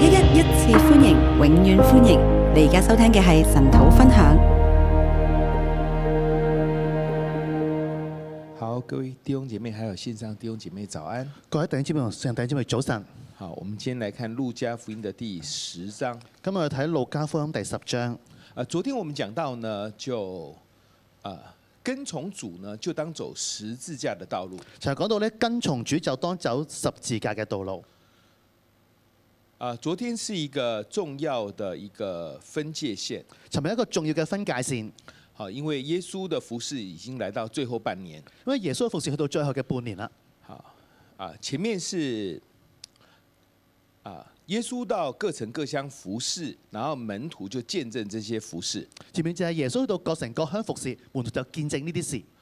一一一次歡迎，永遠歡迎！你而家收聽嘅係神土分享。好，各位弟兄姐妹，還有線上弟兄姐妹，早安！各位弟兄姐妹，線上弟兄姐妹，早晨！好，我們今天來看路加福音的第十章。今日睇路加福音第十章。啊，昨天我們講到呢，就啊，跟從主呢，就當走十字架的道路。就係講到呢，跟從主就當走十字架嘅道路。啊，昨天是一個重要的一個分界線，同埋一個重要的分界線，好，因為耶穌的服侍已經來到最後半年。因為耶穌的服侍去到最後嘅半年啦。好，啊，前面是啊，耶穌到各城各鄉服侍，然後門徒就見證這些服侍，前面就係耶穌到各城各鄉服侍，門徒就見證呢啲事。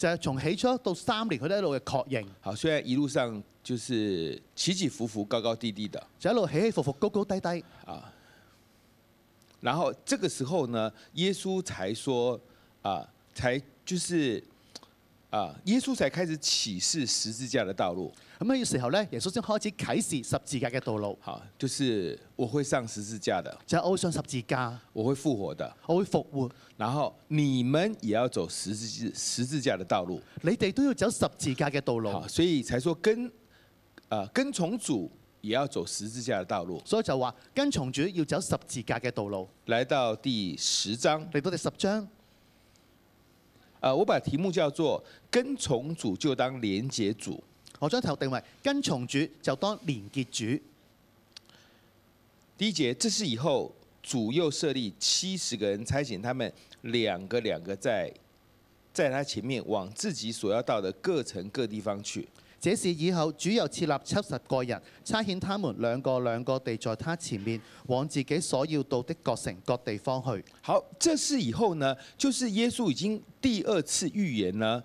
就係、是、從起初到三年，佢都一路嘅確認，好，雖然一路上就是起起伏伏、高高低低的。就一路起起伏伏、高高低低。啊，然後這個時候呢，耶穌才說啊，才就是啊，耶穌才開始啟示十字架的道路。咁呢個時候咧，耶穌先開始啟示十字架嘅道路。好，就是我會上十字架的，就係我會上十字架，我會復活的，我會復活。然後你們也要走十字十字架嘅道路，你哋都要走十字架嘅道路。所以才說跟啊、呃、跟從主也要走十字架嘅道路。所以就話跟從主要走十字架嘅道路。來到第十章，嚟到第十章、呃，我把題目叫做跟從主就當連結主。我將頭定為跟從主就當連結主。第一節，這事以後，主又設立七十個人，差遣他們兩個兩個在在他前面，往自己所要到的各城各地方去。這事以後，主又設立七十個人，差遣他們兩個兩個地在他前面，往自己所要到的各城各地方去。好，這事以後呢，就是耶穌已經第二次預言呢。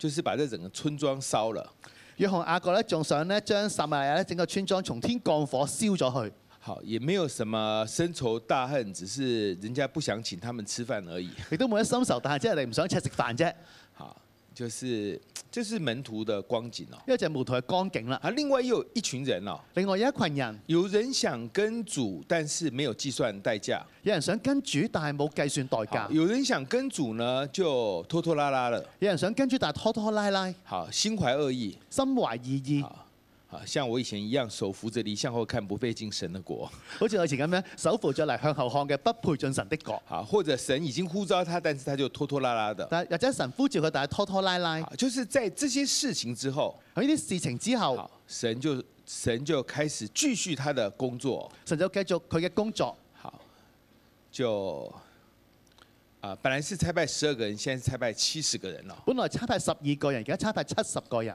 就是把這整個村莊燒了。約翰阿哥呢，仲想咧將撒馬利亞呢整個村莊從天降火燒咗去。好，也沒有什麼深仇大恨，只是人家不想請他們吃飯而已。你都冇得深仇，但係即係你唔想請食飯啫。好，就是。這是門徒的光景咯，因為就係門徒嘅光景啦。啊，另外又有一群人咯，另外有一群人，有人想跟主，但是沒有計算代價；有人想跟主，但係冇計算代價；有人想跟主呢，就拖拖拉拉了；有人想跟主，但係拖拖拉拉，嚇，心懷惡意，心懷異意。啊，像我以前一樣手扶着黎向後看，不配進神的國，好似我以前咁樣手扶着黎向後看嘅，不配進神的國。啊，或者神已經呼召他，但是他就拖拖拉拉的。或者神呼召佢，大家拖拖拉拉。就是在這些事情之後，喺呢啲事情之後，神就神就開始繼續他的工作。神就繼續佢嘅工作。好，就啊，本來是差派十二個人，現在差派七十個人咯。本來差派十二個人，而家差派七十個人。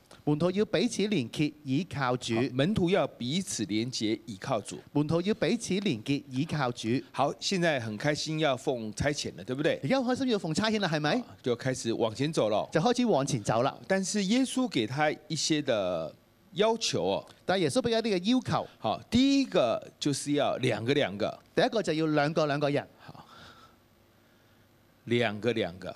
門徒要彼此連結，依靠主。門徒要彼此連結，依靠主。門徒要彼此連結，依靠主。好，現在很開心要奉差遣了，對不對？而家開心要奉差遣了，係咪？就開始往前走了。就開始往前走啦。但是耶穌給他一些的要求哦。但耶穌俾佢呢嘅要求。好，第一個就是要兩個兩個。第一個就要兩個兩個人。好，兩個兩個。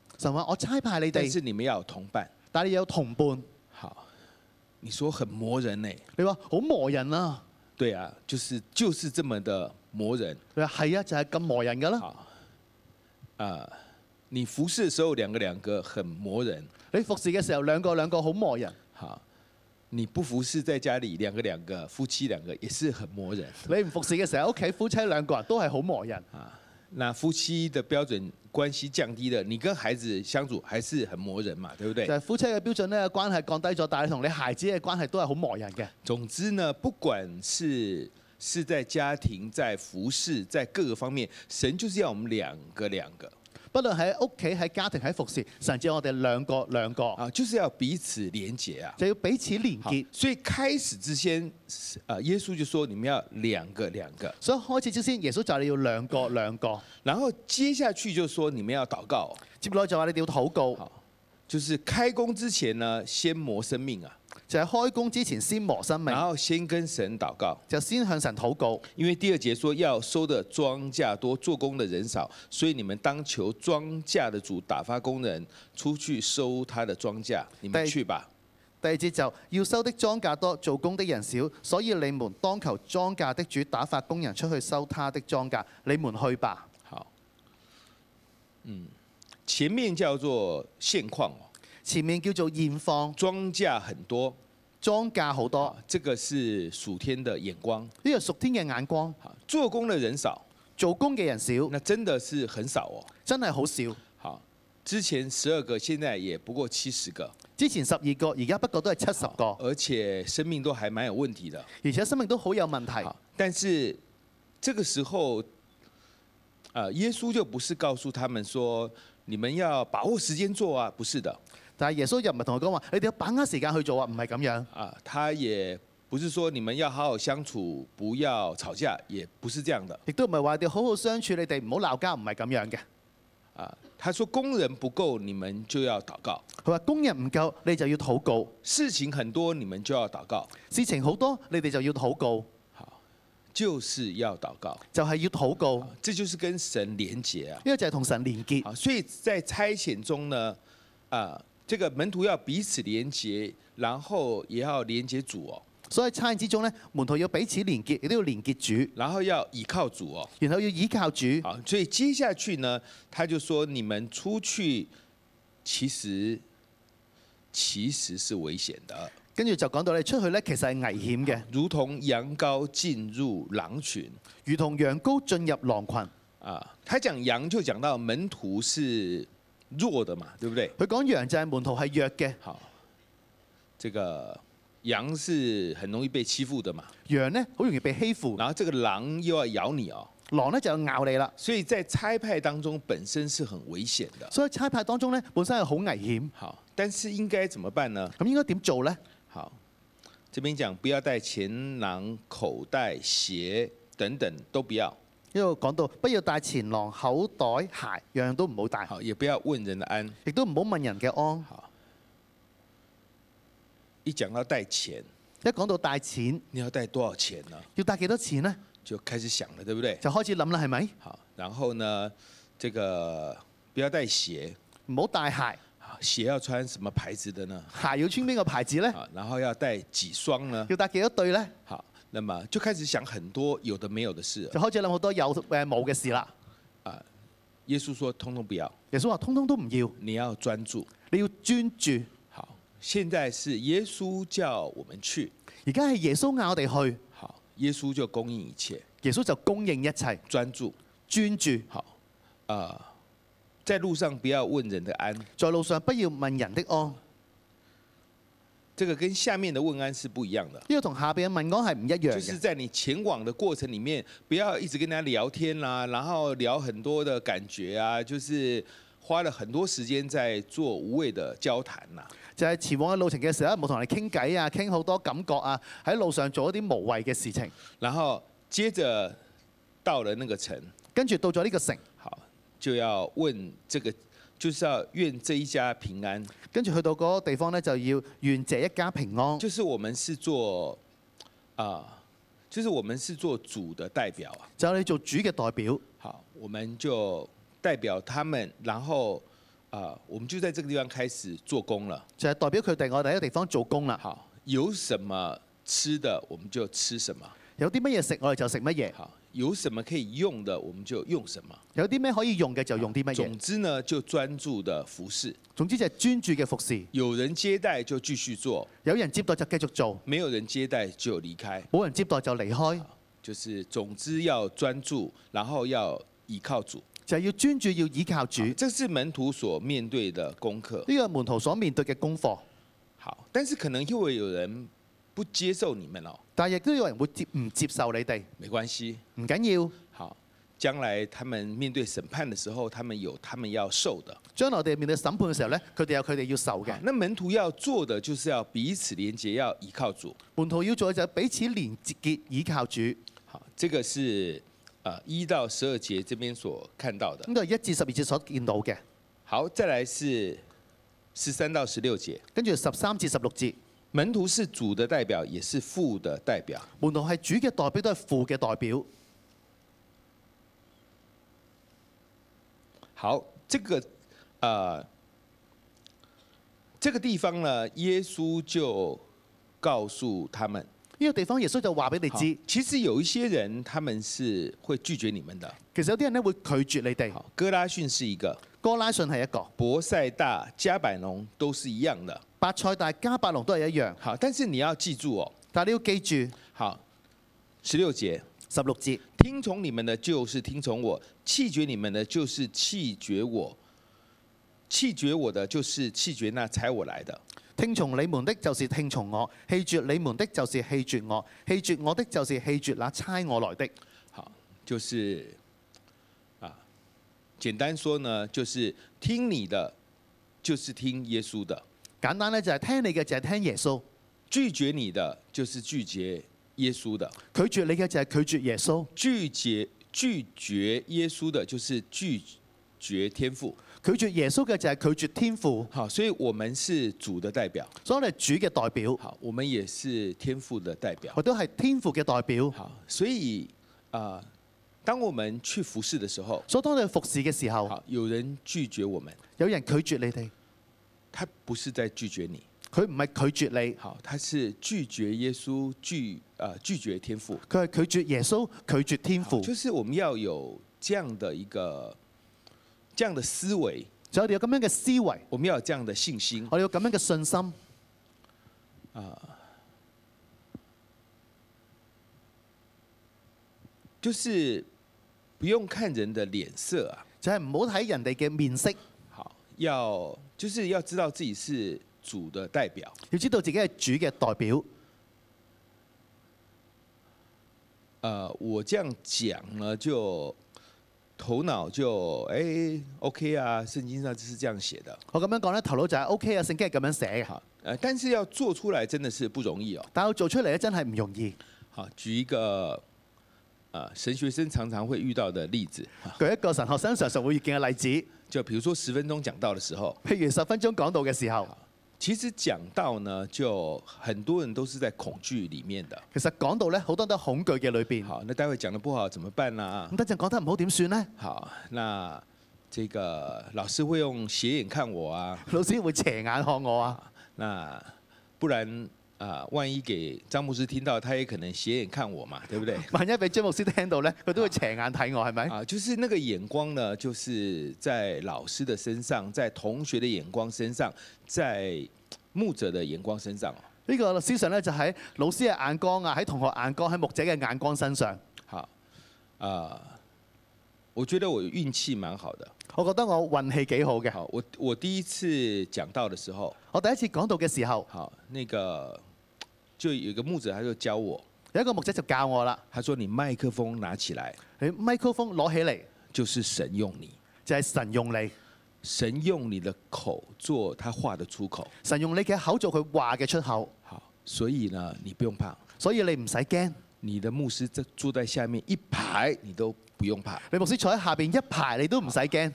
我猜怕你哋，但是你們要有同伴，但你有同伴。好，你說很磨人呢、欸？你話好磨人啦、啊。對啊，就是就是這麼的磨人。係啊，就係、是、咁磨人㗎啦。啊、呃，你服侍的時候兩個兩個很磨人。你服侍嘅時候兩個兩個好磨人。好，你不服侍在家裡兩個兩個夫妻兩個也是很磨人。你唔服侍嘅時候屋企夫妻兩個人都係好磨人。那夫妻的標準關係降低了，你跟孩子相處還是很磨人嘛，對不對？在夫妻的標準呢，關係降低咗，但係同你孩子嘅關係都係好磨人嘅。總之呢，不管是是在家庭、在服侍，在各個方面，神就是要我們兩個兩個。不論喺屋企、喺家庭、喺服侍，甚至我哋兩個兩個啊，就是要彼此連結啊，就要彼此連結。所以開始之前，啊，耶穌就說你們要兩個兩個。所以開始之先，耶穌叫你要兩個兩個。然後接下去就說你們要禱告，基本上你哋要禱告。好，就是開工之前呢，先磨生命啊。就係、是、開工之前先磨生命，然後先跟神禱告，就先向神禱告。因為第二節說要收的莊稼多，做工的人少，所以你們當求莊稼的主打發工人出去收他的莊稼，你們去吧。第二節就要收的莊稼多，做工的人少，所以你們當求莊稼的主打發工人出去收他的莊稼，你們去吧。好，嗯，前面叫做現況。前面叫做現況，莊稼很多，莊稼好多，這個是屬天的眼光。呢個屬天嘅眼光，做工嘅人少，做工嘅人少。那真的是很少哦，真係好少。好，之前十二個，現在也不過七十個，之前十二個，而家不過都係七十個，而且生命都還蠻有問題的。而且生命都好有問題。但是，這個時候，啊，耶穌就不是告訴他們說你們要把握時間做啊，不是的。但係耶穌又唔係同佢講話，你哋要把握時間去做啊，唔係咁樣。啊，他也不是說你們要好好相處，不要吵架，也不是這樣的。亦都唔係話你好好相處，你哋唔好鬧交，唔係咁樣嘅。啊，他說工人不夠，你們就要禱告。佢話工人唔夠，你就要禱告。事情很多，你們就要禱告。事情好多，你哋就要禱告。好，就是要禱告，就係要禱告。這就是跟神連結啊，呢個就係同神連結啊。所以在差遣中呢，啊。這個門徒要彼此連結，然後也要連結主哦。所以差異之中呢，門徒要彼此連結，亦都要連結主，然後要依靠主哦。然後要依靠主。好，所以接下去呢，他就說：你們出去，其實其實是危險的。跟住就講到你出去呢，其實係危險嘅，如同羊羔進入狼群，如同羊羔進入狼群。啊，他講羊就講到門徒是弱的嘛，對不對？佢講羊就係門徒係弱嘅。好，這個羊是很容易被欺負的嘛。羊呢，好容易被欺負。然後這個狼又要咬你哦，狼呢，就要咬你了。所以在差派當中本身是很危險的。所以差派當中呢，本身係好危險。好，但是應該怎麼辦呢？咁應該點做呢？好，這邊講不要帶錢囊、口袋、鞋等等都不要。一路講到不要帶錢囊、口袋、鞋，樣樣都唔好帶。好，也不要問人的安。亦都唔好問人嘅安。好。一講到帶錢，一講到帶錢，你要帶多少錢呢，啊？要帶幾多錢呢？就開始想了，對不對？就開始諗啦，係咪？好。然後呢，這個不要帶鞋，唔好帶鞋。鞋要穿什麼牌子的呢？鞋要穿邊個牌子呢？好，然後要帶幾雙呢？要帶幾多對呢？好。那麼就開始想很多有的沒有的事，就開始諗好多有誒冇嘅事啦。啊，耶穌說通通不要。耶穌話通通都唔要。你要專注，你要專注。好，現在是耶穌叫我們去。而家係耶穌嗌我哋去。好，耶穌就供應一切。耶穌就供應一切。專注，專注。好，啊，在路上不要問人的安。在路上不要問人的安。這個跟下面的問安是不一樣的。因為同下邊問安係唔一樣，就是在你前往的過程裏面，不要一直跟大家聊天啦、啊，然後聊很多的感覺啊，就是花了很多時間在做無謂的交談啊。就係前往嘅路程嘅時候，冇同你傾偈啊，傾好多感覺啊，喺路上做一啲無謂嘅事情。然後接着到了那個城，跟住到咗呢個城，好就要問這個。就是要願這一家平安，跟住去到嗰個地方呢，就要願這一家平安。就是我們是做啊、呃，就是我們是做主的代表啊。就係做主嘅代表。好，我們就代表他們，然後啊、呃，我們就在這個地方開始做工了。就係代表佢哋，我第一個地方做工了。好，有什麼吃的，我們就吃什麼。有啲乜嘢食，我哋就食乜嘢。有什麼可以用的，我們就用什麼。有啲咩可以用嘅就用啲咩。總之呢就專注的服侍。總之就專注嘅服侍。有人接待就繼續做。有人接待就繼續做。沒有人接待就離開。冇人接待就離開。就是總之要專注，然後要倚靠主。就要專注要倚靠主，這是門徒所面對的功課。呢個門徒所面對嘅功課。好。但是可能又會有人。不接受你們咯、哦，但亦都有人會接唔接受你哋。沒關係，唔緊要。好，將來他們面對審判的時候，他們有他們要受的。將來我哋面對審判嘅時候咧，佢哋有佢哋要受嘅。那門徒要做的就是要彼此連結，要依靠主。門徒要做的就彼此連結，依靠主。好，這個是一到十二節，這邊所看到的。應該係一至十二節所見到嘅。好，再來是十三到十六節，跟住十三至十六節。門徒是主的代表，也是父的代表。門徒係主嘅代表，都係父嘅代表。好，這個呃，這個地方呢，耶穌就告訴他們呢、這個地方耶穌，耶穌就話俾你知，其實有一些人，他們是會拒絕你們的。其實有啲人呢會拒絕你哋。好，哥拉汛是一個。哥拉汛係一個，伯賽大加百隆都是一樣的，伯賽大加百隆都係一樣。好，但是你要記住哦。但係要記住。好，十六節，十六節，聽從你們的，就你的就，就是聽從我；棄絕你們的，就是棄絕我；棄絕我的，就是棄絕那差我來的。聽從你們的，就是聽從我；棄絕你們的，就是棄絕我；棄絕我的，就是棄絕那差我來的。就是。簡單說呢，就是聽你的，就是聽耶穌的。簡單呢就係聽你嘅，就係聽耶穌。拒絕你的，就是拒絕耶穌的。拒絕你嘅就係拒絕耶穌。拒絕，拒絕耶穌的，就是拒絕天父。拒絕耶穌嘅就係拒絕天父。好，所以我們是主的代表。所以係主嘅代表。好，我們也是天父的代表。我都係天父嘅代表。好，所以誒。呃當我們去服侍的時候，所以當你服侍嘅時候，有人拒絕我們，有人拒絕你哋，他不是在拒絕你，佢唔係拒絕你，好，他是拒絕耶穌拒啊、呃、拒絕天父，佢係拒絕耶穌拒絕天父，就是我們要有這樣的一個這樣的思維，所以你有咁樣嘅思維，我們要有這樣的信心，我哋有咁樣嘅信心，啊、呃，就是。不用看人的臉色啊，就係唔好睇人哋嘅面色。好，要就是要知道自己是主的代表，要知道自己係主嘅代表、呃。我這樣講呢就頭腦就誒、哎、OK 啊，聖經上就是這樣寫的。我咁樣講呢頭腦就係 OK 啊，聖經係咁樣寫吓。誒，但是要做出來真的是不容易哦。但係做出嚟咧真係唔容易。好，舉一個。啊，神學生常常會遇到的例子。舉一個神學生常常會遇見嘅例子，就譬如說十分鐘講到嘅時候。譬如十分鐘講到嘅時候。其實講到呢，就很多人都是在恐懼裏面的。其實講到呢，好多都恐懼嘅裏邊。好，那待會講得不好怎麼辦呢？啊？咁等陣講得唔好點算呢？好，那這個老師會用斜眼看我啊。老師會斜眼看我啊。那不然。啊，萬一給張牧師聽到，他也可能斜眼看我嘛，對不對？萬一被張牧師聽到呢，佢都會斜眼睇我，係咪？啊，就是那個眼光呢，就是在老師的身上，在同學的眼光身上，在牧者的眼光身上。呢、這個思想呢，就喺老師嘅眼光啊，喺同學眼光，喺牧者嘅眼光身上。好、呃，我覺得我運氣蠻好嘅。我覺得我運氣幾好嘅。好，我我第一次講到嘅時候，我第一次講到嘅時候，好，那個就有個牧者，他就教我。有一個牧者就教我啦。他說：你麥克風拿起來，你麥克風攞起嚟，就是神用你。就係神用你，神用你的口做他話的、的出口。神用你嘅口做佢話嘅出口。好，所以呢，你不用怕。所以你唔使驚。你的牧師坐在下面一排，你都不用怕。你牧師坐喺下邊一排，你都唔使驚。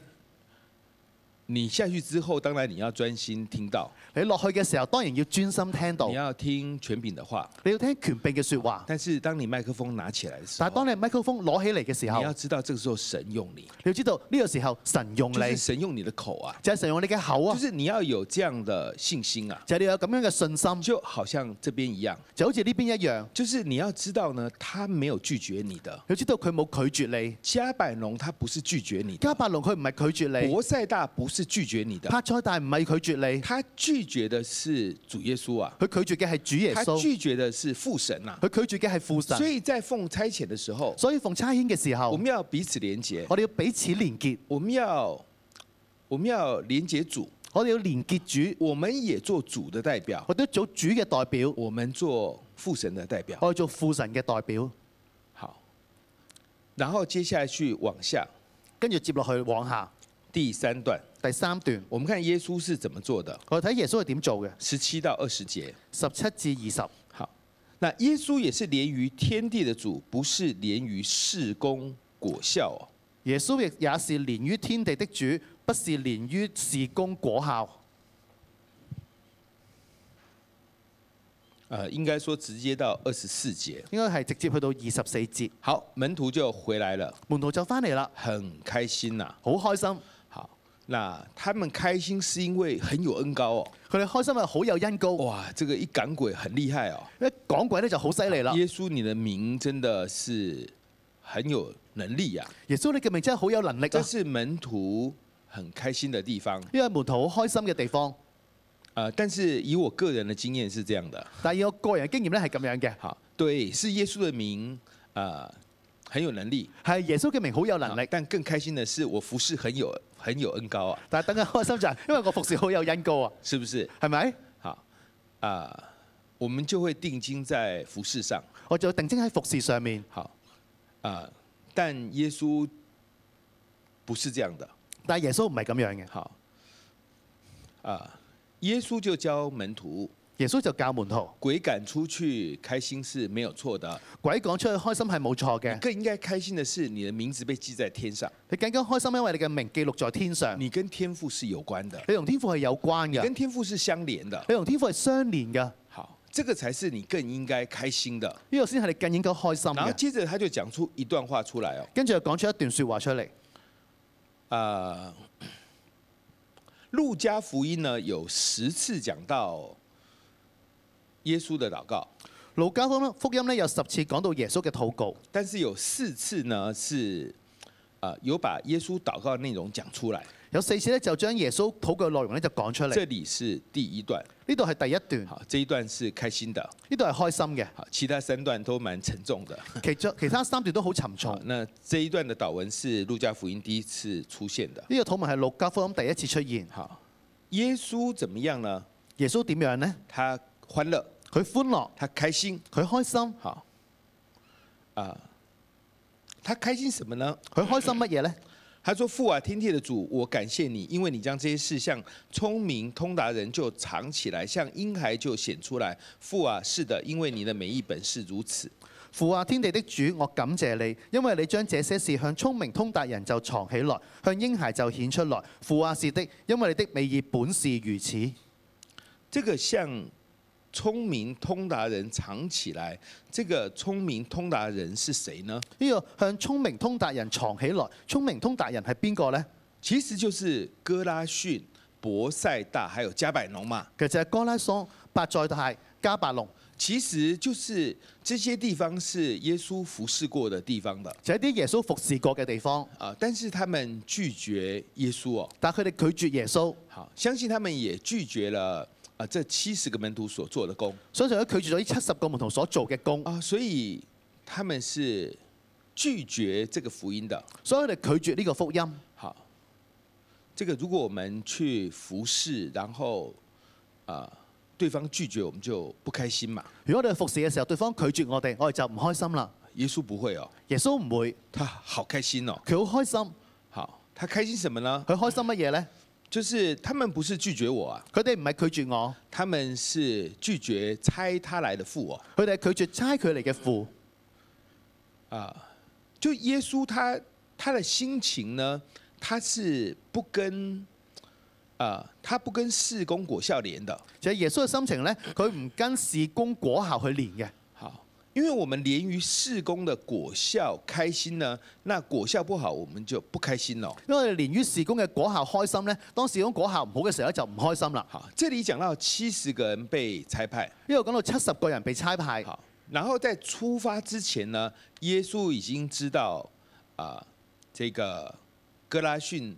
你下去之後，當然你要專心聽到。你落去嘅時候，當然要專心聽到。你要聽權柄的話。你要聽權柄嘅說話。但是當你麥克風拿起來的時候。但係當你麥克風攞起嚟嘅時候，你要知道，呢個時候神用你。你要知道這個時候神用你。你要知道呢個時候神用你。神用你的口啊！就係、是、神用你嘅口啊！就是你要有這樣的信心啊！就咁樣、是、嘅信心。就好像這邊一樣，好似呢邊一樣，就是你要知道呢，他沒有拒絕你的。你要知道佢冇拒絕你。迦百農他，他不是拒絕你。迦百農佢唔係拒絕你。伯賽大不是拒絕你的，他再但唔係拒絕你，他拒絕的是主耶穌啊，佢拒絕嘅係主耶穌，拒絕的是父神啊，佢拒絕嘅係父神。所以在奉差遣的時候，所以奉差遣嘅時候，我們要彼此連結，我哋要彼此連結，我們要我們要連結主，我哋要連結主，我們也做主的代表，我都做主嘅代表，我們做父神的代表，我做父神嘅代表。好，然後接下來去往下，跟住接落去往下。第三段，第三段，我們看耶穌是怎麼做的。我睇耶穌係點做嘅，十七到二十節，十七至二十。好，那耶穌也是連於天地的主，不是連於事工果效，啊。耶穌亦也是連於天地的主，不是連於事工果效。誒、呃，應該說直接到二十四節，應該係直接去到二十四節。好，門徒就回來了，門徒就返嚟啦，很開心啦、啊，好開心。那他們開心是因為很有恩膏哦，佢哋開心啊，好有恩膏。哇，這個一趕鬼很厲害哦。一趕鬼咧就好犀利啦。耶穌，你的名真的是很有能力呀、啊。耶穌你嘅名真係好有能力、啊。這是門徒很開心的地方，呢個門徒好開心嘅地方、呃。但是以我個人嘅經驗是這樣嘅，但係我個人嘅經驗咧係咁樣嘅。好，對，是耶穌嘅名、呃、很有能力。係耶穌嘅名好有能力，但更開心嘅是，我服侍很有。很有恩高啊！大家等下，開心就，因為我服侍好有恩高啊！是不是？係咪？好啊、呃，我們就會定睛在服侍上，我就定睛喺服侍上面。好啊、呃，但耶穌不是這樣的，但係耶穌唔係咁樣嘅。好啊、呃，耶穌就教門徒。耶穌就教門徒，鬼趕出去開心是沒有錯的。鬼趕出去開心係冇錯嘅。你更應該開心的是你的名字被記在天上。你更加開心，因為你嘅名記錄在天上。你跟天父是有關的。你同天父係有關嘅。你跟天父是相連的。你同天父係相連嘅。好，這個才是你更應該開心的。呢個先係你更應該開心嘅。然後接着他就講出一段話出來哦。跟住又講出一段説話出嚟。啊，路加福音呢有十次講到耶穌的禱告，路加福音呢有十次講到耶穌嘅禱告，但是有四次呢是有把耶穌禱告內容講出來，有四次呢，就將耶穌禱告內容呢，就講出嚟。這裡是第一段，呢度係第一段，好，這一段是開心的，呢度係開心嘅，好，其他三段都蠻沉重的，其中其他三段都好沉重。 那這一段的禱文是路加福音第一次出現的，呢、這個禱文係路加福音第一次出現。好，耶穌怎麼樣呢？耶穌點樣呢？他歡樂。佢歡樂，他開心，佢開心吓，啊，他開心什麼呢？佢開心乜嘢呢？她」「他 說：父啊，天地的主，我感謝你，因為你將這些事向聰明通達人就藏起來，向嬰孩就顯出來。父啊，是的，因為你的美意本是如此。父啊，天地的主，我感謝你，因為你將這些事向聰明通達人就藏起來，向嬰孩就顯出來。父啊，是的，因為你的美意本是如此。這個像。聰明通達人藏起來，這個聰明通達人是誰呢？呢、這個向聰明通達人藏起來，聰明通達人係邊個呢？其實就是哥拉汛、伯賽大，還有迦百農嘛。其實哥拉汛、伯賽大、迦百農，其實就是這些地方是耶穌服侍過的地方的。就係啲耶穌服侍過嘅地方。啊，但是他們拒絕耶穌哦。但佢哋拒絕耶穌。好，相信他們也拒絕了。啊！這七十個門徒所做的工，所以就拒絕咗呢七十個門徒所做嘅工啊！所以他們是拒絕這個福音的，所以佢哋拒絕呢個福音。好，這個如果我們去服侍，然後啊、呃、對方拒絕，我們就不開心嘛。如果我哋服侍嘅時候，對方拒絕我哋，我哋就唔開心啦。耶穌不會哦，耶穌唔會，他好開心哦，佢好開心。好，他開心什麼呢？佢開心乜嘢呢？就是，他們不是拒絕我啊！佢哋唔係拒絕我，他們是拒絕差他來的父啊。佢哋拒絕差佢嚟嘅父。啊，就耶穌他他的心情呢？他是不跟啊，他不跟事工果效連的。其實耶穌的心情呢？佢唔跟事工果效去連嘅。因為我們連於事工的果效開心呢，那果效不好，我們就不開心了。因為連於事工的果效開心呢，當事工果效唔好嘅時候就唔開心啦。好，這裏講到七十個人被差派，因為我講到七十個人被差派。好，然後在出發之前呢，耶穌已經知道啊、呃，這個哥拉汛。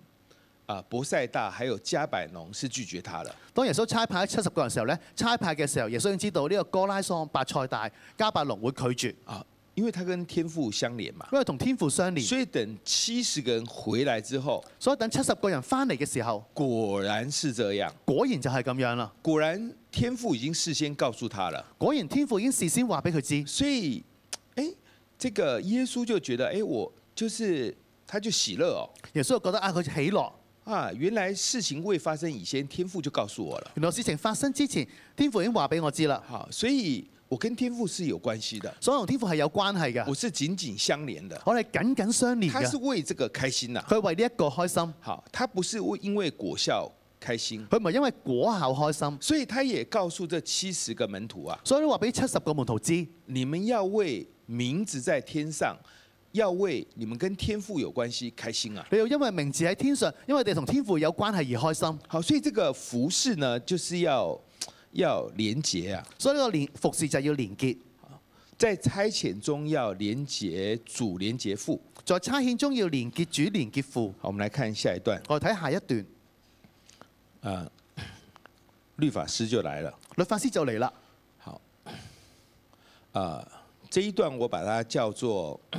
啊，伯賽大，還有加百農是拒絕他了。當耶穌差派七十個人時候咧，差派嘅時候，耶穌已經知道呢個哥拉桑、伯賽大、加百農會拒絕啊，因為他跟天父相連嘛。因為同天父相連。所以等七十個人回來之後，所以等七十個人翻嚟嘅時候，果然是這樣，果然就係咁樣啦。果然天父已經事先告訴他了。果然天父已經事先話俾佢知。所以，哎，呢個耶穌就覺得，我就是，他就喜樂哦。耶穌覺得阿哥喜樂。啊！原來事情未發生以前，天父就告訴我了。原來事情發生之前，天父已經話俾我知了。好，所以我跟天父是有關係的。所有天父係有關係嘅，我是緊緊相連的。我係緊緊相連的。他是為這個開心啦，佢為呢一個開心。好，他不是為因為果效開心，佢唔係因為果效開心。所以他也告訴這七十個門徒啊，所以話俾七十個門徒知，你們要為名字在天上。要為你們跟天父有關係開心啊！你又因為名字喺天上，因為你同天父有關係而開心。好，所以這個服侍呢，就是要要連結啊。所以呢個服侍就要連結。在差遣中要連結主，連結父。在差遣中要連結主，連結父。好，我們來看下一段。我睇下一段。啊、呃，律法師就來了。律法師就嚟啦。好。啊、呃，這一段我把它叫做。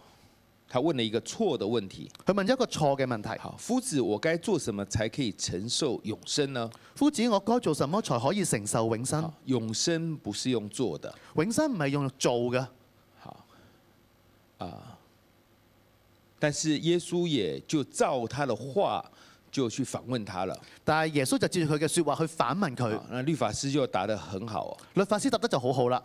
他問了一個錯的問題。他問一個錯嘅問題。好，夫子，我該做什麼才可以承受永生呢？夫子，我該做什麼才可以承受永生？永生不是用做的。永生唔係用做的。好，啊，但是耶穌也就照他的話就去反問他了。但係耶穌就接住佢嘅說話去反問佢。好，那律法師就答得很好。律法師答得就好好啦。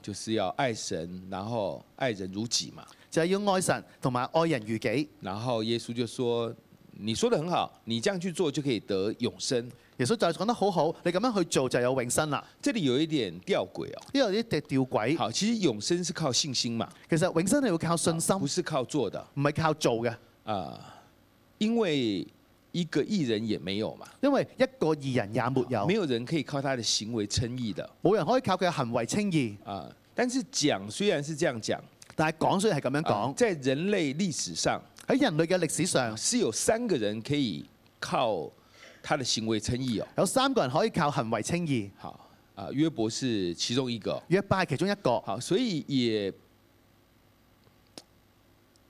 就是要愛神，然後愛人如己嘛。就係、是、要愛神同埋愛人如己。然後耶穌就說：你說得很好，你這樣去做就可以得永生。耶穌就講得好好，你咁樣去做就有永生啦。這裡有一點吊詭哦，因為啲跌吊詭。好，其實永生是靠信心嘛。其實永生係要靠信心、哦，不是靠做的，唔係靠做嘅。啊、呃，因為一個義人也沒有嘛。因為一個義人也沒有、哦，沒有人可以靠他的行為稱義的，冇人可以靠佢行為稱義啊、呃。但是講，雖然是這樣講。但係講，所以係咁樣講，即係人類歷史上，喺人類嘅歷史上，是有三個人可以靠他的行為稱義哦。有三個人可以靠行為稱義。好，啊，約伯是其中一個，約伯係其中一個。好，所以也。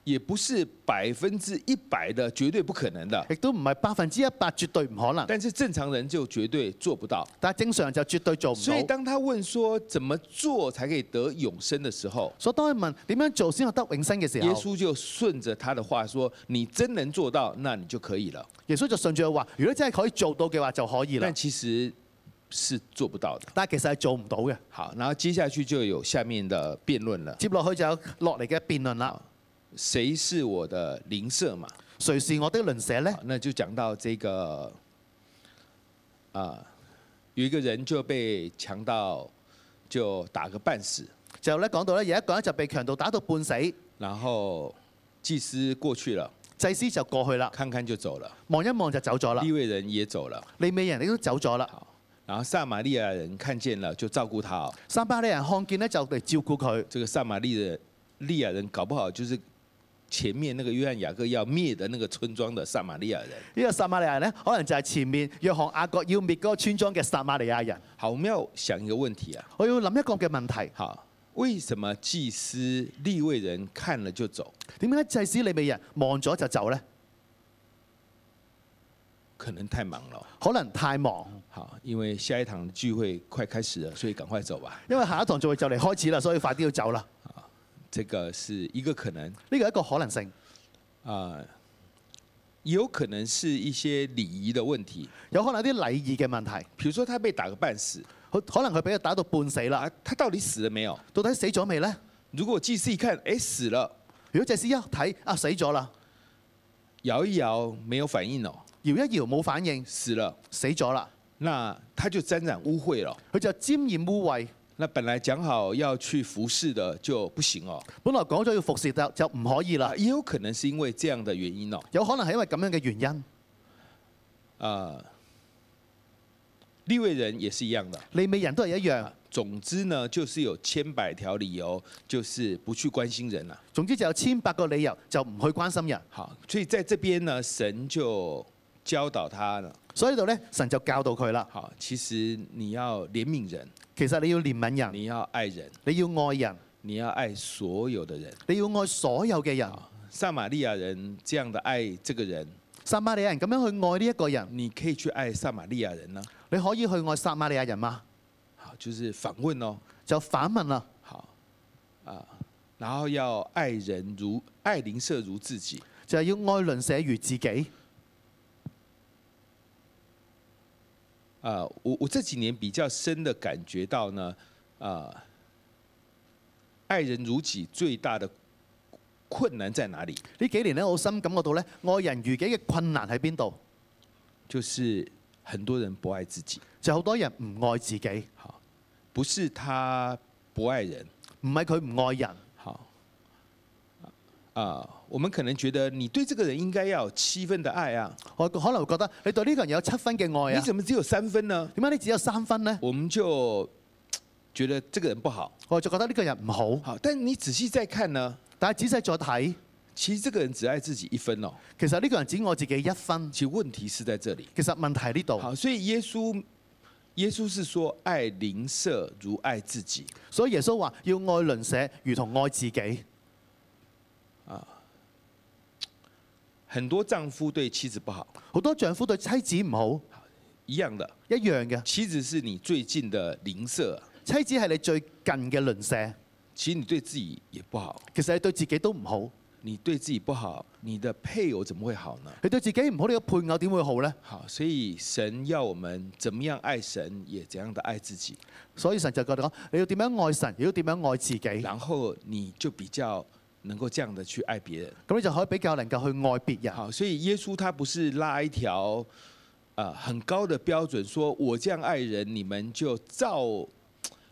也不是百分之一百的絕對不可能的，亦都唔係百分之一百絕對唔可能。但是正常人就絕對做不到。但係正常人就絕對做唔到。所以當他問說，怎麼做才可以得永生的時候，說：弟兄們，你們走先，要得永生嘅時候，耶穌就順着他的話說：你真能做到，那你就可以了。耶穌就順着話，如果真係可以做到嘅話，就可以了。」但其實是做不到嘅，大家其實係做唔到嘅。好，然後接下去就有下面的辯論了。接落去就有落嚟嘅辯論啦。誰是我的鄰舍嘛？誰是我的鄰舍咧？那就講到這個，啊，有一個人就被強盜就打個半死。就後咧講到咧有一個人就被強盜打到半死，然後祭司過去了，祭司就過去了，看看就走了，望一望就走咗啦。利未人也走了，利未人也都走咗啦。然後撒瑪利亞人看見了就照顧他，撒瑪利亞人看見呢，就嚟照顧佢。這個撒瑪利的利亞人搞不好就是。前面那個約翰雅各要滅的那個村莊的撒瑪利亞人，呢個撒瑪利亞人呢，可能就係前面約翰雅各要滅嗰個村莊嘅撒瑪利亞人。好妙，想一個問題啊！我要諗一個嘅問題。好，為什麼祭司利未人看了就走？點解祭司利未人望咗就走呢？可能太忙咯，可能太忙。好，因為下一堂聚會快開始了，所以趕快走吧。因為下一堂聚會就嚟開始啦，所以快啲要走啦。這個是一個可能，呢個一個可能性，啊、呃，有可能是一些禮儀的問題，有可能啲禮儀嘅問題，譬如說他被打個半死，可可能佢俾佢打到半死啦、啊，他到底死了沒有？到底死咗未咧？如果祭司一看，哎、欸、死了，如果祭司一睇，啊、欸、死咗啦，搖一搖沒有反應咯、哦，搖一搖冇反應，死了，死咗啦，那他就，他就沾染污穢咯，佢就沾染污穢。那本來講好要去服侍的就不行哦。本來講咗要服侍的就就唔可以啦，也有可能係因為這樣的原因哦。有可能係因為咁樣嘅原因。啊、呃，利未人也是一樣的。利未人都係一樣。總之呢，就是有千百條理由，就是不去關心人啦。總之就有千百個理由就唔去關心人。好，所以喺這邊呢，神就教導他啦。所以度咧，神就教導佢啦。好，其實你要憐憫人。其實你要憐憫人。你要愛人，你要愛人，你要愛所有的人，你要愛所有嘅人。撒瑪利亞人這樣的愛這個人，撒瑪利亞人咁樣去愛呢一個人，你可以去愛撒瑪利亞人啦、啊。你可以去愛撒瑪利亞人嗎？就是反問咯、哦，就反問啦。好，然後要愛人如愛鄰、就是、舍如自己，就係要愛鄰舍如自己。啊，我我這幾年比較深的感覺到呢，啊、呃，愛人如己最大的困難在哪裏？呢幾年呢，我深感覺到呢，愛人如己的困難在邊度？就是很多人不愛自己，就好多人唔愛自己，好，不是他不愛人，唔係佢唔愛人，好，啊、呃。我們可能覺得你對這個人應該要有七分的愛啊，我可能會覺得你對呢個人有七分嘅愛啊，你怎麼只有三分呢？點解你只有三分呢？我們就覺得這個人不好，我就覺得呢個人唔好。好，但你仔細再看呢，大家仔細再睇，其實這個人只愛自己一分哦。其實呢個人只愛自己一分。其實問題是在這裏。其實問題呢度。好，所以耶穌耶穌是說愛鄰舍如愛自己，所以耶穌話要愛鄰舍如同愛自己。很多丈夫對妻子不好，好多丈夫對妻子唔好，一樣的，一樣嘅。妻子是你最近的鄰舍，妻子係你最近嘅鄰舍。其實你對自己也不好，其實你對自己都唔好。你對自己不好，你的配偶怎麼會好呢？你對自己唔好，你個配偶點會好呢？好，所以神要我們怎麼樣愛神，也怎樣的愛自己。所以神就覺得講，你要點樣愛神，你要點樣愛自己。然後你就比較，能夠這樣的去愛別人，咁你就可以比較能夠去愛別人。好，所以耶穌他不是拉一條，啊、呃、很高的標準，說我這樣愛人，你們就照，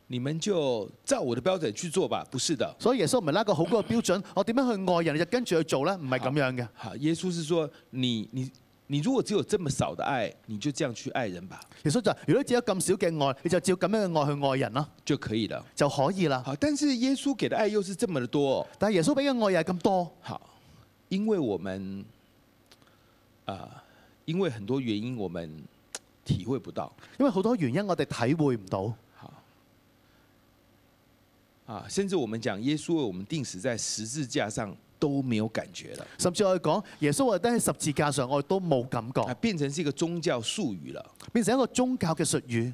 你們就照我的標準去做吧，不是的。所以耶穌唔係拉個好高的標準，我點樣去愛人你就跟住去做呢。唔係咁樣嘅。耶穌是說你你。你你如果只有這麼少的愛，你就這樣去愛人吧。耶穌講，如果只有咁少嘅愛，你就照咁樣嘅愛去愛人咯，就可以了。就可以了。好，但是耶穌給的愛又是這麼的多。但耶穌俾嘅愛又係咁多。好，因為我們，啊、呃，因為很多原因我們體會不到。因為好多原因，我哋體會唔到。好，啊，甚至我們講耶穌為我們釘死在十字架上。都沒有感覺了。甚至我哋講耶穌我哋喺十字架上，我哋都冇感覺，變成是一個宗教術語啦，變成一個宗教嘅術語，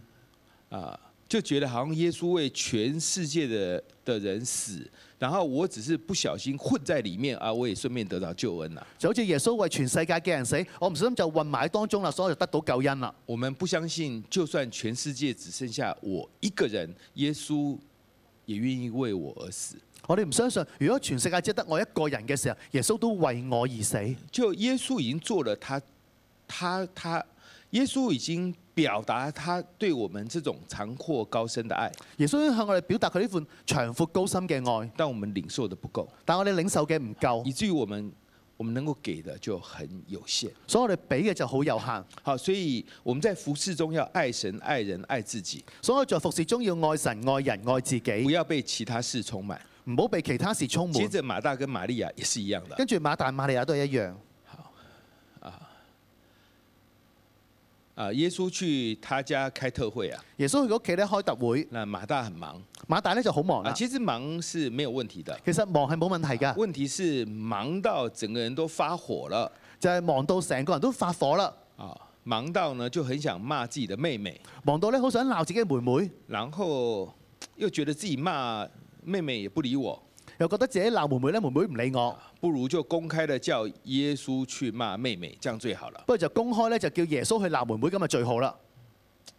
啊，就覺得好像耶穌為全世界的的人死，然後我只是不小心混在裏面啊，我也順便得到救恩啦。就好似耶穌為全世界嘅人死，我唔小心就混埋喺當中啦，所以就得到救恩啦。我們不相信，就算全世界只剩下我一個人，耶穌也願意為我而死。我哋唔相信，如果全世界只得我一個人嘅時候，耶穌都為我而死。就耶穌已經做了他，他他耶穌已經表達他對我們這種長闊高深的愛。耶穌向我哋表達佢呢份長闊高深嘅愛，但我們領受的不夠，但我哋領受嘅唔夠，以至於我們，我們能夠給的就很有限，所以我哋俾嘅就好有限。好，所以我們在服侍中要愛神、愛人、愛自己。所以，在服侍中要愛神、愛人、愛自己，不要被其他事充滿。唔好被其他事充滿。接著馬大跟瑪利亞也是一樣的。跟住馬大、瑪利亞都係一樣。好，啊，耶穌去他家開特會啊。耶穌去佢屋企咧開特會。那馬大很忙。馬大咧就好忙啦。其實忙是沒有問題的。其實忙係冇問題㗎、啊。問題是忙到整個人都發火了。就係、是、忙到成個人都發火啦。啊，忙到呢就很想罵自己的妹妹。忙到咧好想鬧自己嘅妹妹，然後又覺得自己罵。妹妹也不理我，又覺得自己鬧妹妹咧，妹妹唔理我、啊，不如就公開的叫耶穌去罵妹妹，這樣最好啦。不過就公開咧，就叫耶穌去鬧妹妹咁就最好啦。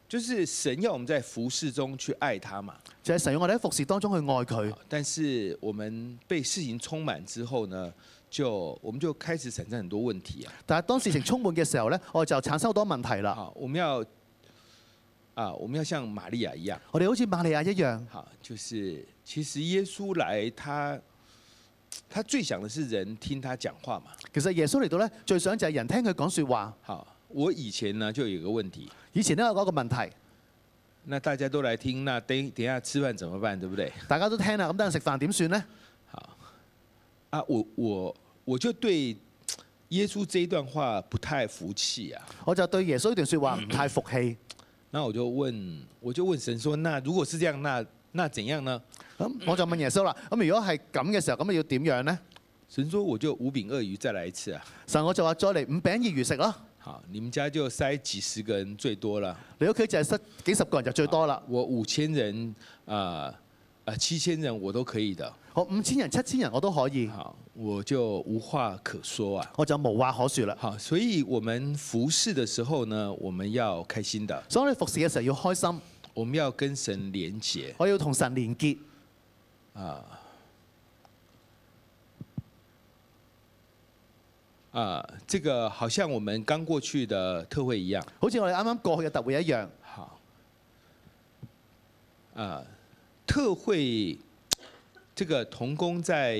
就是神要我們在服侍中去愛祂嘛，就係、是、神要我哋喺服侍當中去愛佢。但是我們被事情充滿之後呢，就我們就開始產生很多問題啊。但係當事情充滿嘅時候呢，我就產生好多問題啦。我們要。啊，我們要像瑪利亞一樣，我哋好似瑪利亞一樣。好，就是其實耶穌來，他他最想的是人聽他講話嘛。其實耶穌嚟到呢，最想就係人聽佢講說話。好，我以前呢就有一個問題，以前呢我有個問題、嗯，那大家都來聽，那等等下吃飯怎麼辦，對不對？大家都聽啦，咁等下食飯點算呢？啊、我我我就對耶穌這一段話不太服氣啊。我就對耶穌一段說話不太服氣、啊。 那我就問我就問神說，那如果是這樣，那那怎樣呢？咁、嗯、我就問耶穌啦。咁如果係咁嘅時候，咁要點樣呢？神說：我就五餅二魚，再來一次啊！神我就話：再嚟五餅二魚食咯。好，你們家就塞幾十個人最多啦。你屋企就塞幾十個人就最多啦。我五千人，啊、呃、啊、呃、七千人我都可以的。好，五千人七千人我都可以。我就無話可說啊！我就無話可說了。好，所以我們服事的時候呢，我們要開心的。所以服事的時候要開心。我們要跟神連結。我要同神連結。啊啊，這個好像我們剛過去的特會一樣，好似我們剛剛過去的特會一樣。好。啊，特會，這個同工在。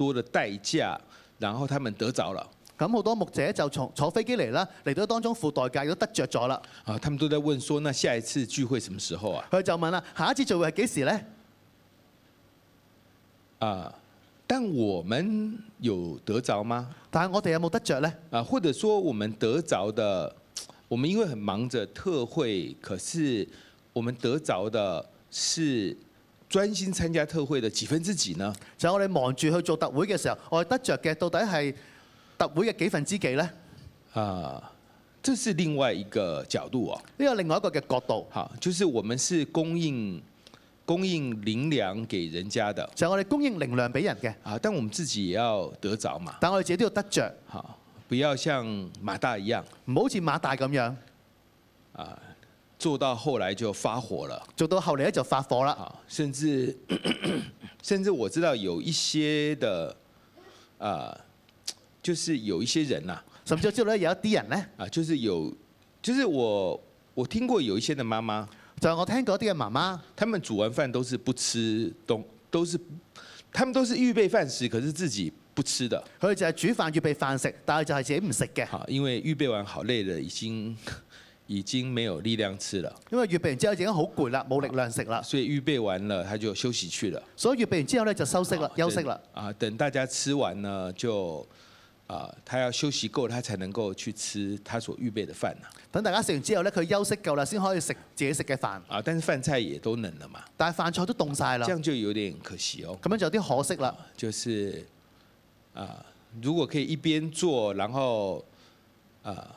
多的代價，然後他們得着了。咁好多牧者就從坐飛機嚟啦，嚟到當中付代價都得着咗啦。啊，他們都在問說，那下一次聚會什麼時候啊？佢就問啦，下一次聚會係幾時呢？啊，但我們有得着嗎？但係我哋有冇得着呢？啊，或者說我們得着的，我們因為很忙着特會，可是我們得着的是。專心參加特會的幾分之幾呢？就是、我哋忙住去做特會嘅時候，我哋得着嘅到底係特會嘅幾分之幾呢？啊，這是另外一個角度啊！呢個另外一個嘅角度。好，就是我們是供應供應靈糧給人家的。就是、我哋供應靈糧俾人嘅。啊，但我們自己也要得着嘛。但我哋自己都要得着。好，不要像馬大一樣。唔好似馬大咁樣。啊。做到後來就發火了，做到後來就發火了，啊甚至 甚至我知道有一些的，啊、呃，就是有一些人啦、啊，什麼叫做咧有啲人呢？啊，就是有，就是我我聽過有一些的媽媽，就是、我聽過啲嘅媽媽，他們煮完飯都是不吃東，都是，他們都是預備飯食，可是自己不吃的，佢就係煮飯預備飯食，但係就係自己唔食嘅，好，因為預備完好累了已經。已經沒有力量吃了，因為預備完之後已經好攰啦，冇力量食啦、啊。所以預備完了，他就休息去了。所以預備完之後呢，就休息啦，休息啦。啊，等大家吃完呢，就、啊、他要休息夠，他才能夠去吃他所預備的飯啦。等大家食完之後呢，佢休息夠啦，先可以食自己食嘅飯。啊，但是飯菜也都冷啦嘛。但係飯菜都凍晒啦。這樣就有點可惜哦。咁樣就有啲可惜啦、啊。就是、啊、如果可以一邊做，然後、啊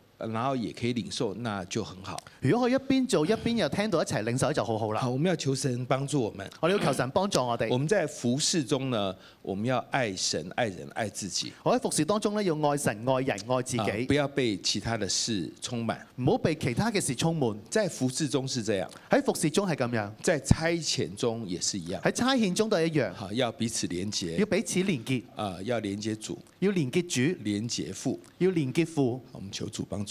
然後也可以領受，那就很好。如果我一邊做一邊又聽到一齊領受就，就好好啦。我們要求神幫助我們，我哋要求神幫助我哋。 我們在服侍中呢，我們要愛神、愛人、愛自己。我喺服侍當中呢，要愛神、愛人、愛自己，呃、不要被其他的事充滿。唔好被其他嘅事充滿，在服侍中是這樣，喺服侍中係咁樣，在差遣中也是一樣，喺差遣中都一樣。好，要彼此連結，要彼此連結。啊、呃，要連結主，要連結主，連結父，要連結父。我們求主幫助。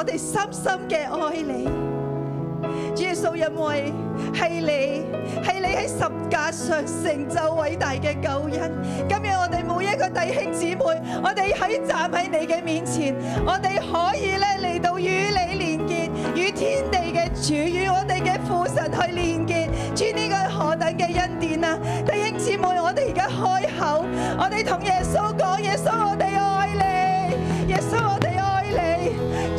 我哋深深嘅愛你，主耶穌，因為係你，係你喺十架上成就偉大嘅救恩。今日我哋每一個弟兄姊妹，我哋喺站喺你嘅面前，我哋可以咧嚟，到與你連結，與天地嘅主，與我哋嘅父神去連結。主呢個係何等嘅恩典啊！弟兄姊妹，我哋而家開口，我哋同耶穌講，耶穌我哋。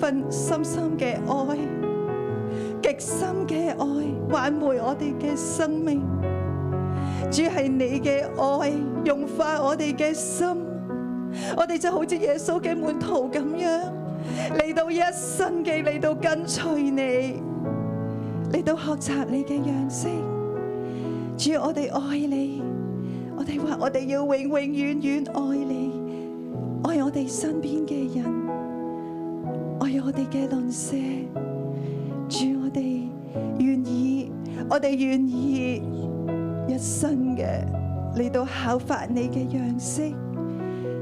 份深深嘅愛，極深嘅愛，挽回我哋嘅生命。主係你嘅愛，融化我哋嘅心，我哋就好似耶穌嘅門徒咁樣，嚟到一生嘅嚟到跟隨你，嚟到學習你嘅樣式。只要我哋愛你，我哋話我哋要永永遠遠愛你，愛我哋身邊嘅人。我有我哋嘅論舌，主，我哋願意，我哋願意一生嘅嚟到效法你嘅樣式。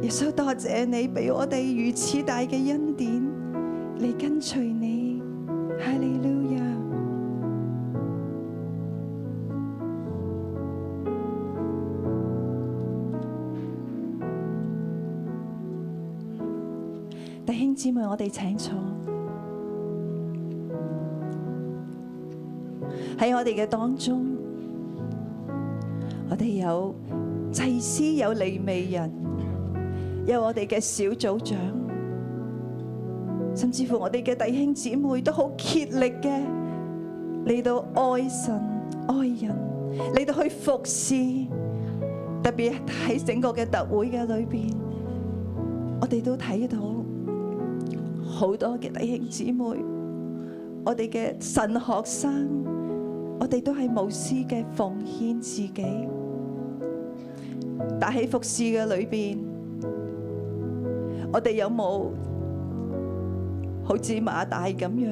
耶穌，多謝你俾我哋如此大嘅恩典，嚟跟隨你。哈利路弟兄姊妹，我哋請坐。喺我哋嘅當中，我哋有祭司，有利未人，有我哋嘅小組長，甚至乎我哋嘅弟兄姊妹都好竭力嘅嚟到愛神、愛人，嚟到去服侍。特別喺整個嘅特會嘅裏邊，我哋都睇到。好多嘅弟兄姊妹，我哋嘅神學生，我哋都係無私嘅奉獻自己。但喺服侍嘅裏邊，我哋有冇好似馬大咁樣？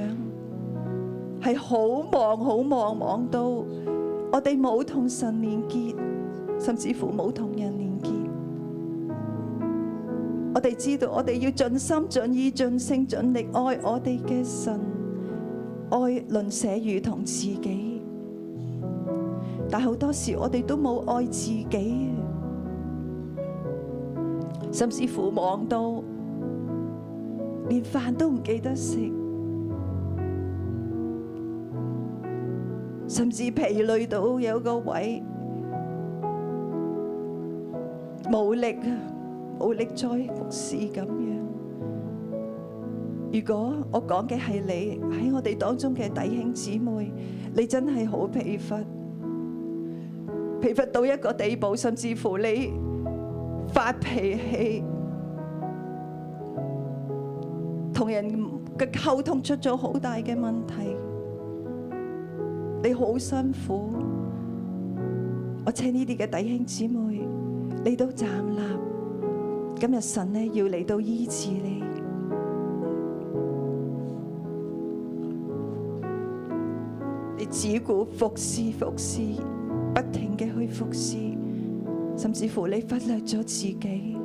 係好忙好忙，忙到我哋冇同神連結，甚至乎冇同人。我哋知道，我哋要盡心盡意、盡性盡力愛我哋嘅神，愛鄰舍如同自己。但好多時，我哋都冇愛自己，甚至乎忙到連飯都唔記得食，甚至疲累到有個位冇力。無力再服侍咁樣。如果我講嘅係你喺我哋當中嘅弟兄姊妹，你真係好疲乏，疲乏到一個地步，甚至乎你發脾氣，同人嘅溝通出咗好大嘅問題，你好辛苦。我請呢啲嘅弟兄姊妹，你都站立。今日神呢，要嚟到醫治你，你只顧服侍服侍，不停嘅去服侍，甚至乎你忽略咗自己，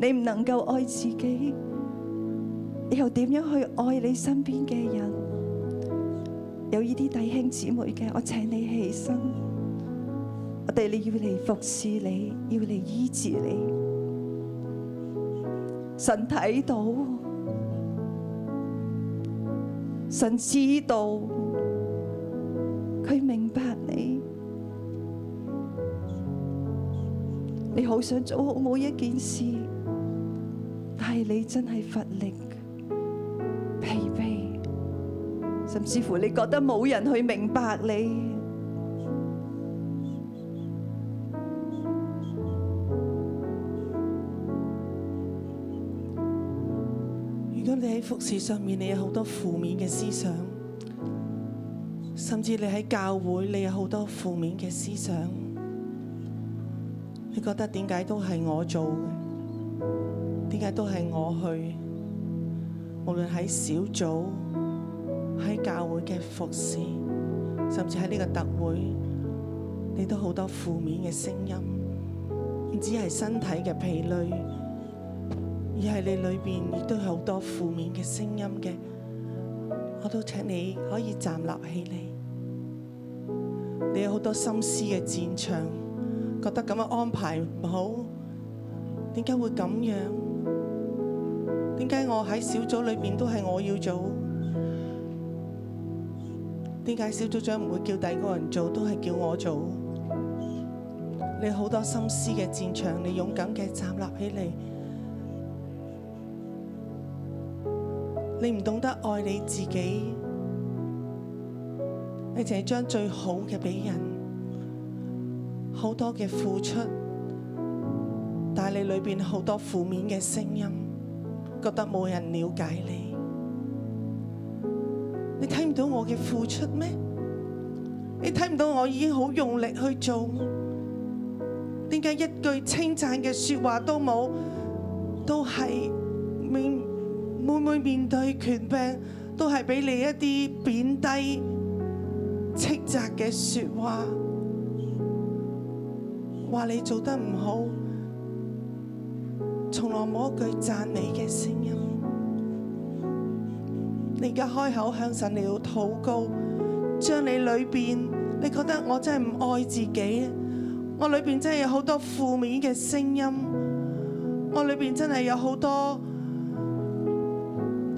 你唔能夠愛自己，以後點樣去愛你身邊嘅人？有呢啲弟兄姊妹嘅，我請你起身，我哋你要嚟服侍你，要嚟醫治你。神睇到，神知道，佢明白你。你好想做好每一件事，但係你真係乏力，疲憊，甚至乎你覺得冇人去明白你，事上面你有好多負面嘅思想，甚至你喺教會你有好多負面嘅思想。你覺得點解都係我做嘅？點解都係我去？無論喺小組、喺教會嘅服侍，甚至喺呢個特會，你都好多負面嘅聲音，唔止係身體嘅疲累。而係你裏邊亦都有好多負面嘅聲音嘅，我都請你可以站立起嚟。你有好多心思嘅戰場，覺得咁樣安排唔好，點解會咁樣？點解我喺小組裏邊都係我要做？點解小組長唔會叫第二個人做，都係叫我做？你好多心思嘅戰場，你勇敢嘅站立起嚟。你唔懂得愛你自己，你淨係將最好嘅俾人，好多嘅付出，但你裏邊好多負面嘅聲音，覺得冇人了解你，你睇唔到我嘅付出咩？你睇唔到我已經好用力去做，點解一句稱讚嘅說話都冇？都係會唔會面對權柄，都係俾你一啲貶低、斥責嘅說話，話你做得唔好，從來冇一句讚你嘅聲音。你而家開口向神嚟禱告，將你裏邊你覺得我真係唔愛自己，我裏邊真係有好多負面嘅聲音，我裏邊真係有好多。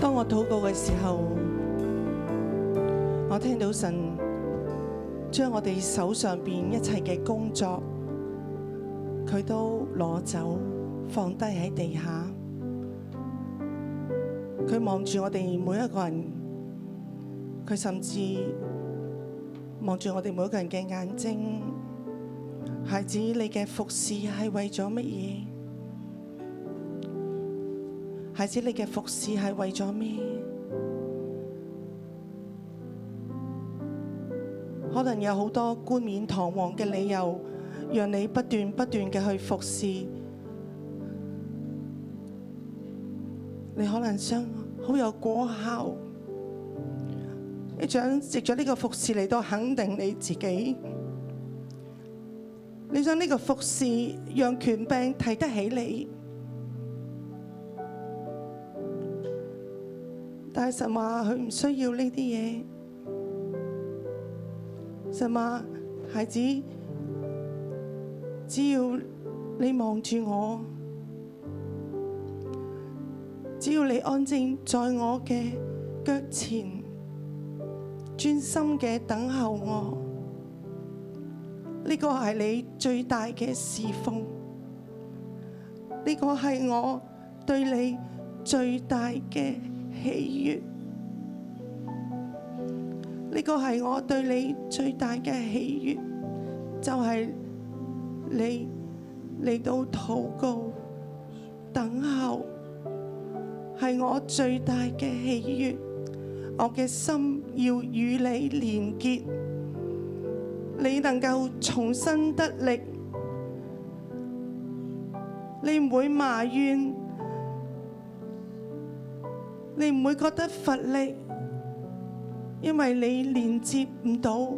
當我禱告嘅時候，我聽到神將我哋手上邊一切嘅工作，佢都攞走，放低喺地下。佢望住我哋每一個人，佢甚至望住我哋每一個人嘅眼睛。孩子，你嘅服侍係為咗乜嘢？孩子，你嘅服侍係為咗咩？可能有好多冠冕堂皇嘅理由，讓你不斷不斷嘅去服侍。你可能想好有果效，你想藉著呢個服侍嚟到肯定你自己，你想呢個服侍讓權柄睇得起你。但係神話佢唔需要呢啲嘢，神話孩子，只要你望住我，只要你安靜在我嘅腳前，專心嘅等候我，呢個係你最大嘅侍奉，呢個係我對你最大嘅。喜悅，呢個係我對你最大嘅喜悅，就係、你、你嚟到禱告、等候，係我最大嘅喜悅。我嘅心要與你連結，你能夠重新得力，你唔會埋怨。你唔會覺得乏力，因為你連接唔到，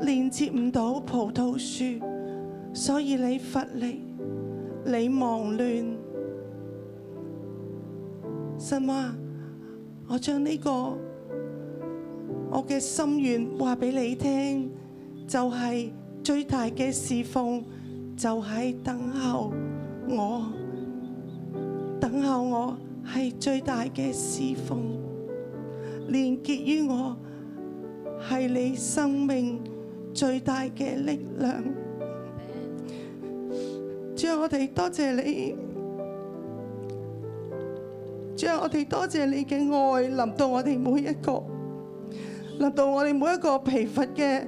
連接唔到葡萄樹，所以你乏力，你忙亂。神啊，我將呢、這個我嘅心願話俾你聽，就係、是、最大嘅侍奉就係等候我，等候我。係最大嘅侍奉，連結於我，係你生命最大嘅力量。主啊，我哋多謝你。主啊，我哋多謝你嘅愛臨到我哋每一個，臨到我哋每一個疲乏嘅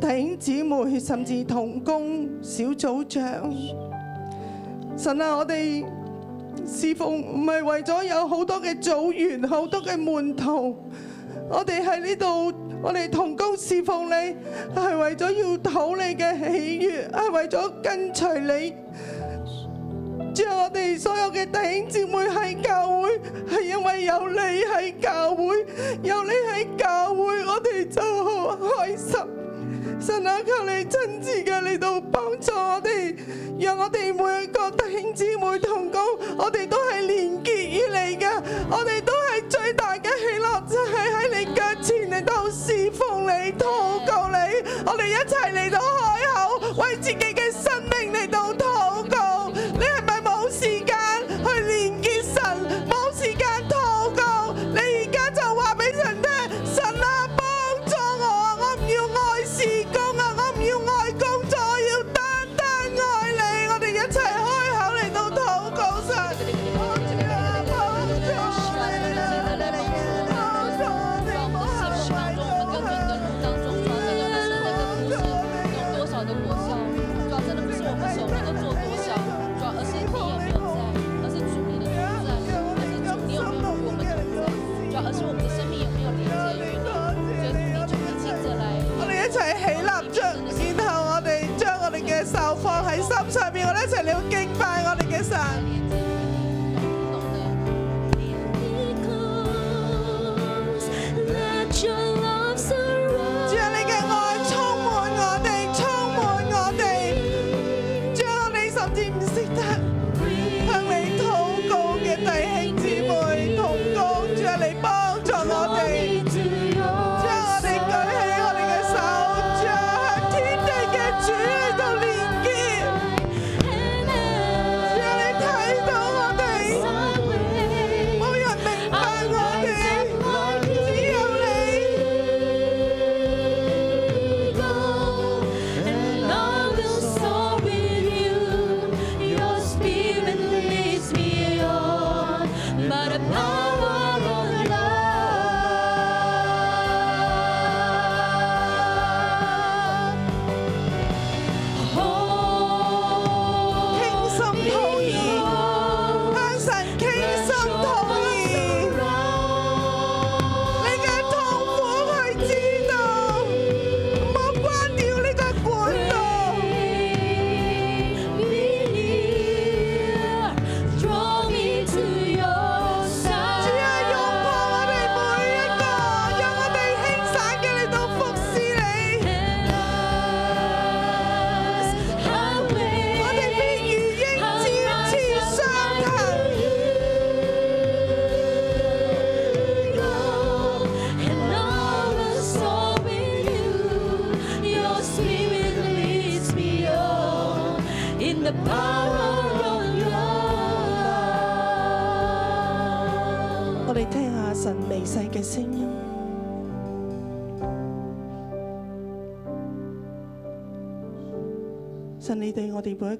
弟兄姊妹，甚至同工、小組長。神啊，我哋。侍奉唔係為咗有好多嘅組員、好多嘅門徒，我哋喺呢度，我哋同工侍奉你係為咗要討你嘅喜悅，係為咗跟隨你。將我哋所有嘅弟兄姊妹喺教會，係因為有你喺教會，有你喺教會，我哋就好開心。神啊，求你親自嘅嚟到幫助我哋，讓我哋每一個弟兄姊妹同工，我哋都係連結於你嘅，我哋都係最大嘅喜樂就係、是、喺你腳前嚟到侍奉你、禱告你，我哋一齊嚟到。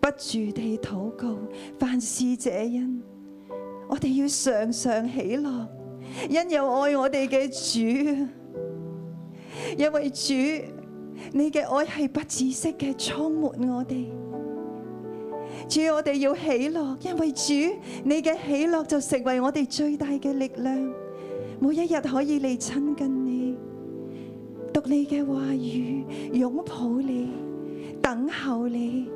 不住地禱告，凡事謝恩，我哋要常常喜樂，因有愛我哋嘅主。因為主，你嘅愛係不自私嘅，充滿我哋。主，要我哋要喜樂，因為主，你嘅喜樂就成為我哋最大嘅力量。每一日可以嚟親近你，讀你嘅話語，擁抱你，等候你。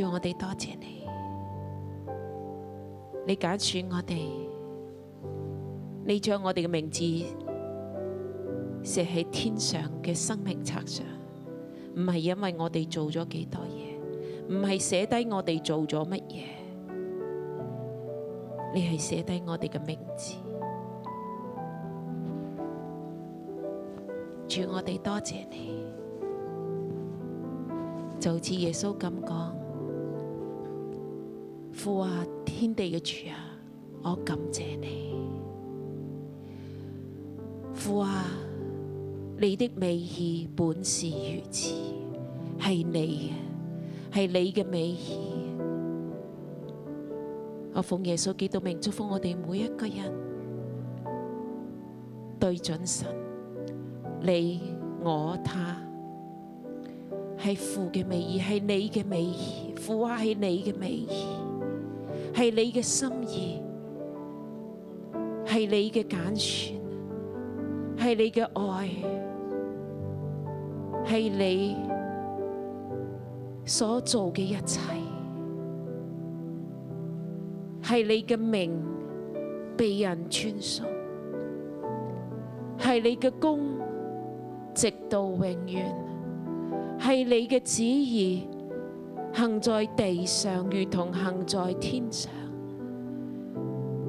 主我哋多謝你，你揀選我哋，你將我哋嘅名字寫喺天上嘅生命冊上，唔係因為我哋做咗幾多嘢，唔係寫低我哋做咗乜嘢，你係寫低我哋嘅名字。主我哋多謝你，就似耶穌咁講。父啊，天地嘅主啊，我感謝你。父啊，你的美意本是如此，係你，係你嘅美意。我奉耶穌基督名祝福我哋每一個人，對準神，你我他，係父嘅美意，係你嘅美意，父啊，係你嘅美意。係你嘅心意，係你嘅揀選，係你嘅愛，係你所做嘅一切，係你嘅名被人傳頌，係你嘅功直到永遠，係你嘅旨意，行在地上，如同行在天上。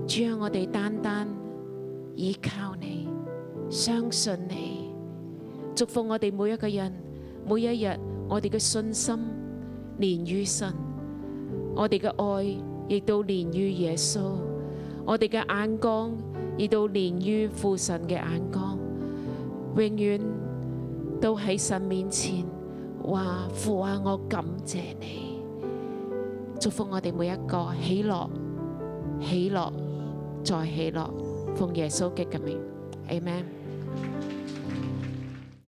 只要我哋單單倚靠你，相信你，祝福我哋每一個人，每一日，我哋嘅信心連於神，我哋嘅愛亦都連於耶穌，我哋嘅眼光亦都連於父神嘅眼光，永遠都喺神面前。話父啊，我感謝你，祝福我哋每一個喜樂，喜樂再喜樂，奉耶穌嘅名，Amen。